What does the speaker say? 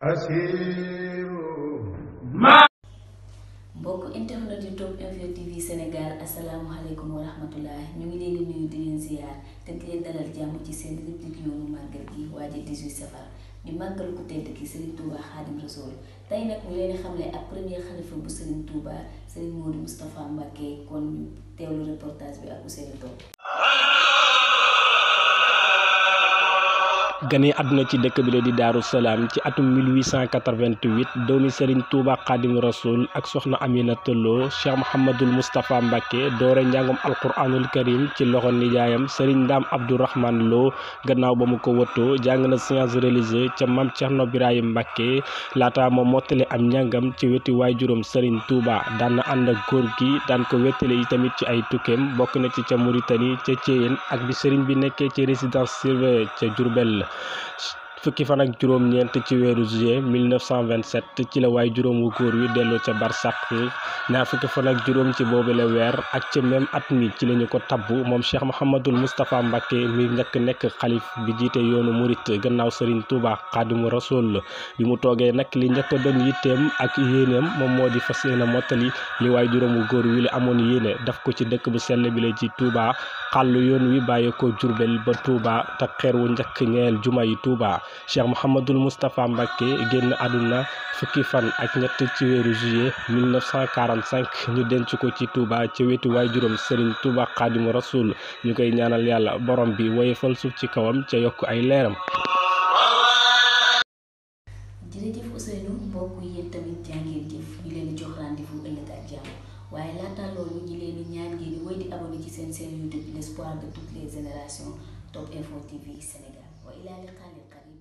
mbokk internet yu Topp Info TV Sénégal asalaamualeykum wa rahmatullah ñu ngi leen di nuyu di leen te di leen dalal jàmm ci seen rubrique yoonu màggal gi waaje 18 safar ñu màggal ku tedd ki Serigne Touba Xaadim Rasool tey nag ñu leen xamle ak premier xalifa bu Serigne Touba Serigne Modou Moustapha Mbacké kon ñu reportage bi ak Ousseynou Topp gane àdduna ci dëkk bi la di daaru salaam ci atum 1888 doomi Serigne Touba Khadim Rasoul ak soxna Aminata Lo Cheikh Mouhamadul Moustapha Mbacke doore njàngum alquranul karim ci loxo nijaayam Serigne Ndam Abdourahman loo gannaaw ba mu ko wëttoo jàng na science religieuse ca Mam Thierno Birahim Mbacke laata moom mottale am njàngam ci weti waajuram Serigne Touba daan na ànd ak góor gi daan ko wettale yi tamit ci ay tukkeem bokk na ci ca Mauritanie ca Thiéyène ak bi Serigne bi nekkee ci résidence surveillée ca Diourbel fukki fan ak juróom-ñeent ci weeru juillet 1927 ci la waay juróom wu góor wi delloo ca barsàq naa fukki fan ak juróom ci boobu la weer ak ci même at mi ci la ko tabb moom Cheikh Mouhamadul Moustapha Mbacke mi njëkk nekk xalif bi jiite yoonu murit gannaaw Serigne Touba Xaadimu la bi mu toogee nag li njëkk a doon yitteem ak yéeneem moom moo di fas yéene mottali li waay juróom wu góor wi la amoon yéene daf ko ci dëkk bu sell bi la ci Touba xàll yoon wi bàyyeeko ko Jurbel ba Touba te xeer wu njëkk ñeel juma yi Touba Cheikh Mouhamadul Moustapha Mbacke génn àdduna fukki fan ak ñett ci weeru juillet 1945 ñu denc ko ci Touba ci wetu waajuram Serigne Touba Xaadimu Rasul ñu koy ñaanal yàlla boroom bi woyefal suuf ci kawam ca yokk ay leeram. waaye laataa loolu ñu leen di ñaan ngeen di wéy di abonné ci seen seen YouTube l'espoir de toutes les générations Top Info TV Sénégal wa ilaa liqaa'il qariib